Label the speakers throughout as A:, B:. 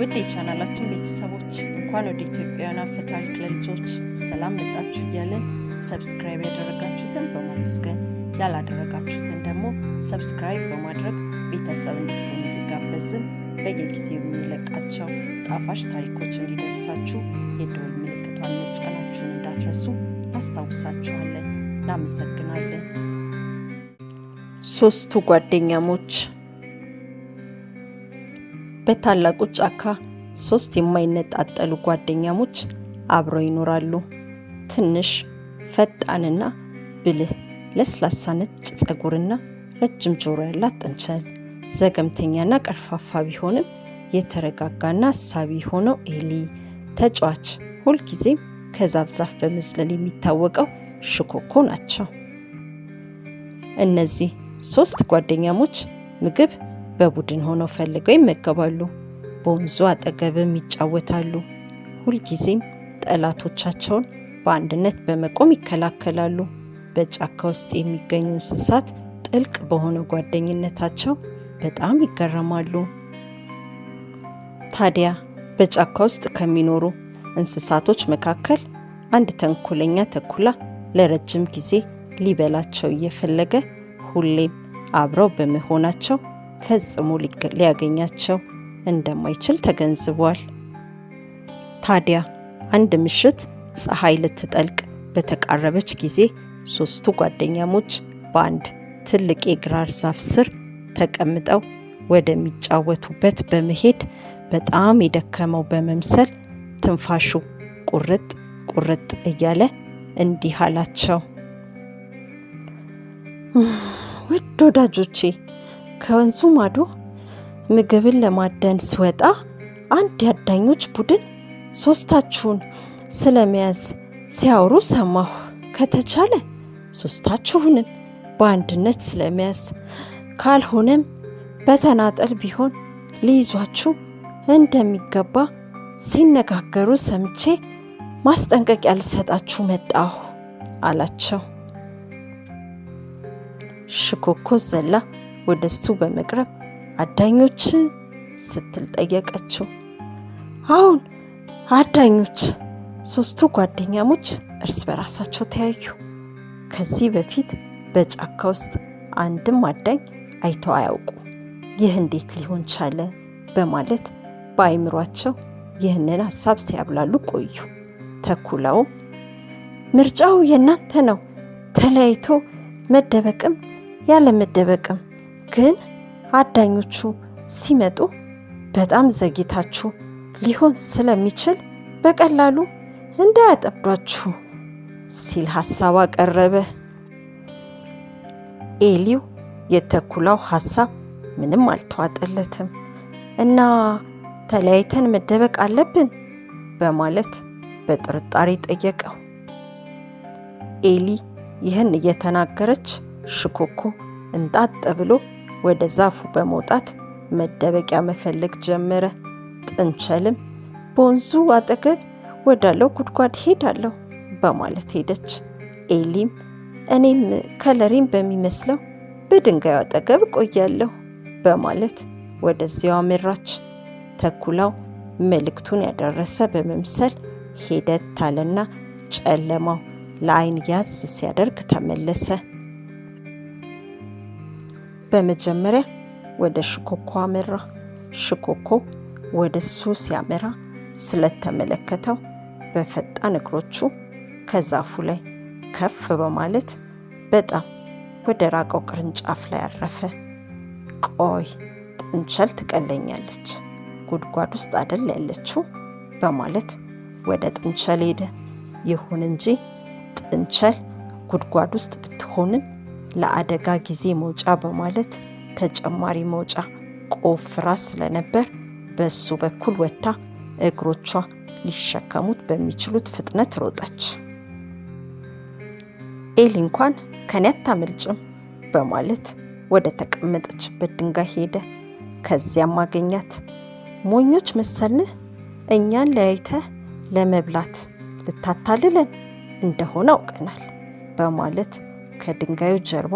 A: ውድ የቻናላችን ቤተሰቦች እንኳን ወደ ኢትዮጵያውያን አፈ ታሪክ ለልጆች ሰላም መጣችሁ እያለን ሰብስክራይብ ያደረጋችሁትን በማመስገን ያላደረጋችሁትን ደግሞ ሰብስክራይብ በማድረግ ቤተሰብ እንዲሆኑ እንዲጋበዝም በየጊዜው የሚለቃቸው ጣፋጭ ታሪኮች እንዲደርሳችሁ የደወል ምልክቷን መጫናችሁን እንዳትረሱ እናስታውሳችኋለን። እናመሰግናለን።
B: ሶስቱ ጓደኛሞች በታላቁ ጫካ ሶስት የማይነጣጠሉ ጓደኛሞች አብረው ይኖራሉ። ትንሽ፣ ፈጣንና ብልህ፣ ለስላሳ ነጭ ጸጉርና ረጅም ጆሮ ያላት ጥንቸል፣ ዘገምተኛና ቀርፋፋ ቢሆንም የተረጋጋና አሳቢ የሆነው ኤሊ፣ ተጫዋች፣ ሁልጊዜም ከዛፍ ዛፍ በመዝለል የሚታወቀው ሽኮኮ ናቸው። እነዚህ ሶስት ጓደኛሞች ምግብ በቡድን ሆነው ፈልገው ይመገባሉ። በወንዙ አጠገብም ይጫወታሉ። ሁልጊዜም ጠላቶቻቸውን በአንድነት በመቆም ይከላከላሉ። በጫካ ውስጥ የሚገኙ እንስሳት ጥልቅ በሆነ ጓደኝነታቸው በጣም ይገረማሉ። ታዲያ በጫካ ውስጥ ከሚኖሩ እንስሳቶች መካከል አንድ ተንኮለኛ ተኩላ ለረጅም ጊዜ ሊበላቸው እየፈለገ ሁሌም አብረው በመሆናቸው ፈጽሞ ሊያገኛቸው እንደማይችል ተገንዝቧል። ታዲያ አንድ ምሽት ፀሐይ ልትጠልቅ በተቃረበች ጊዜ ሶስቱ ጓደኛሞች በአንድ ትልቅ የግራር ዛፍ ስር ተቀምጠው ወደሚጫወቱበት በመሄድ በጣም የደከመው በመምሰል ትንፋሹ ቁርጥ ቁርጥ እያለ እንዲህ አላቸው። ውድ ወዳጆቼ ከወንዙ ማዶ ምግብን ለማደን ስወጣ አንድ የአዳኞች ቡድን ሶስታችሁን ስለመያዝ ሲያወሩ ሰማሁ። ከተቻለ ሶስታችሁንም በአንድነት ስለመያዝ ካልሆነም በተናጠል ቢሆን ሊይዟችሁ እንደሚገባ ሲነጋገሩ ሰምቼ ማስጠንቀቂያ ልሰጣችሁ መጣሁ አላቸው። ሽኮኮ ዘላ ወደ እሱ በመቅረብ አዳኞች ስትል ጠየቀችው። አሁን አዳኞች ሶስቱ ጓደኛሞች እርስ በራሳቸው ተያዩ። ከዚህ በፊት በጫካ ውስጥ አንድም አዳኝ አይተው አያውቁ። ይህ እንዴት ሊሆን ቻለ? በማለት በአይምሯቸው ይህንን ሀሳብ ሲያብላሉ ቆዩ። ተኩላው ምርጫው የእናንተ ነው፣ ተለያይቶ መደበቅም ያለ መደበቅም ግን አዳኞቹ ሲመጡ በጣም ዘግይታችሁ ሊሆን ስለሚችል በቀላሉ እንዳያጠምዷችሁ ሲል ሀሳብ አቀረበ። ኤሊው የተኩላው ሀሳብ ምንም አልተዋጠለትም እና ተለያይተን መደበቅ አለብን በማለት በጥርጣሬ ጠየቀው። ኤሊ ይህን እየተናገረች ሽኮኮ እንጣጥ ብሎ ወደ ዛፉ በመውጣት መደበቂያ መፈለግ ጀመረ። ጥንቸልም በወንዙ አጠገብ ወዳለው ጉድጓድ ሄዳለሁ በማለት ሄደች። ኤሊም እኔም ከለሬም በሚመስለው በድንጋዩ አጠገብ ቆያለሁ በማለት ወደዚያው አመራች። ተኩላው መልእክቱን ያደረሰ በመምሰል ሄደት ታለና ጨለማው ለአይን ያዝ ሲያደርግ ተመለሰ። በመጀመሪያ ወደ ሽኮኮ አመራ። ሽኮኮ ወደ እሱ ሲያመራ ስለተመለከተው በፈጣን እግሮቹ ከዛፉ ላይ ከፍ በማለት በጣም ወደ ራቀው ቅርንጫፍ ላይ አረፈ። ቆይ ጥንቸል ትቀለኛለች፣ ጉድጓድ ውስጥ አደል ያለችው በማለት ወደ ጥንቸል ሄደ። ይሁን እንጂ ጥንቸል ጉድጓድ ውስጥ ብትሆንም ለአደጋ ጊዜ መውጫ በማለት ተጨማሪ መውጫ ቆፍራ ስለነበር በሱ በኩል ወጥታ እግሮቿ ሊሸከሙት በሚችሉት ፍጥነት ሮጠች። ኤሊ እንኳን ከኔ አታመልጭም በማለት ወደ ተቀመጠችበት ድንጋይ ሄደ። ከዚያም አገኛት። ሞኞች መሰልንህ? እኛን ለያይተህ ለመብላት ልታታልለን እንደሆነ አውቀናል በማለት ከድንጋዩ ጀርባ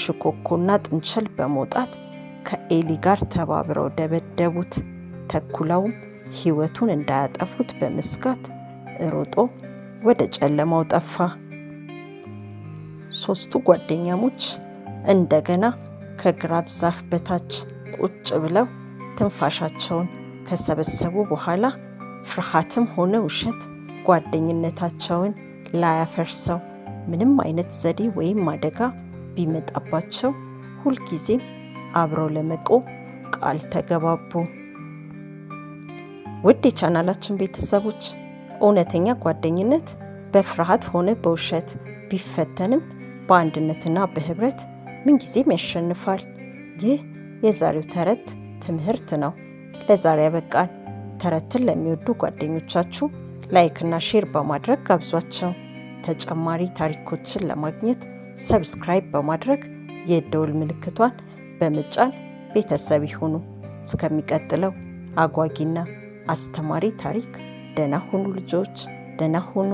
B: ሽኮኮና ጥንቸል በመውጣት ከኤሊ ጋር ተባብረው ደበደቡት። ተኩላውም ሕይወቱን እንዳያጠፉት በመስጋት ሮጦ ወደ ጨለማው ጠፋ። ሦስቱ ጓደኛሞች እንደገና ከግራብ ዛፍ በታች ቁጭ ብለው ትንፋሻቸውን ከሰበሰቡ በኋላ ፍርሃትም ሆነ ውሸት ጓደኝነታቸውን ላያፈርሰው ምንም አይነት ዘዴ ወይም አደጋ ቢመጣባቸው ሁልጊዜም አብረው ለመቆም ቃል ተገባቡ። ውድ የቻናላችን ቤተሰቦች እውነተኛ ጓደኝነት በፍርሃት ሆነ በውሸት ቢፈተንም በአንድነትና በህብረት ምንጊዜም ያሸንፋል። ይህ የዛሬው ተረት ትምህርት ነው። ለዛሬ ያበቃል። ተረትን ለሚወዱ ጓደኞቻችሁ ላይክና ሼር በማድረግ ጋብዟቸው። ተጨማሪ ታሪኮችን ለማግኘት ሰብስክራይብ በማድረግ የደውል ምልክቷን በመጫን ቤተሰብ ይሁኑ። እስከሚቀጥለው አጓጊና አስተማሪ ታሪክ ደህና ሁኑ ልጆች፣ ደህና ሁኑ።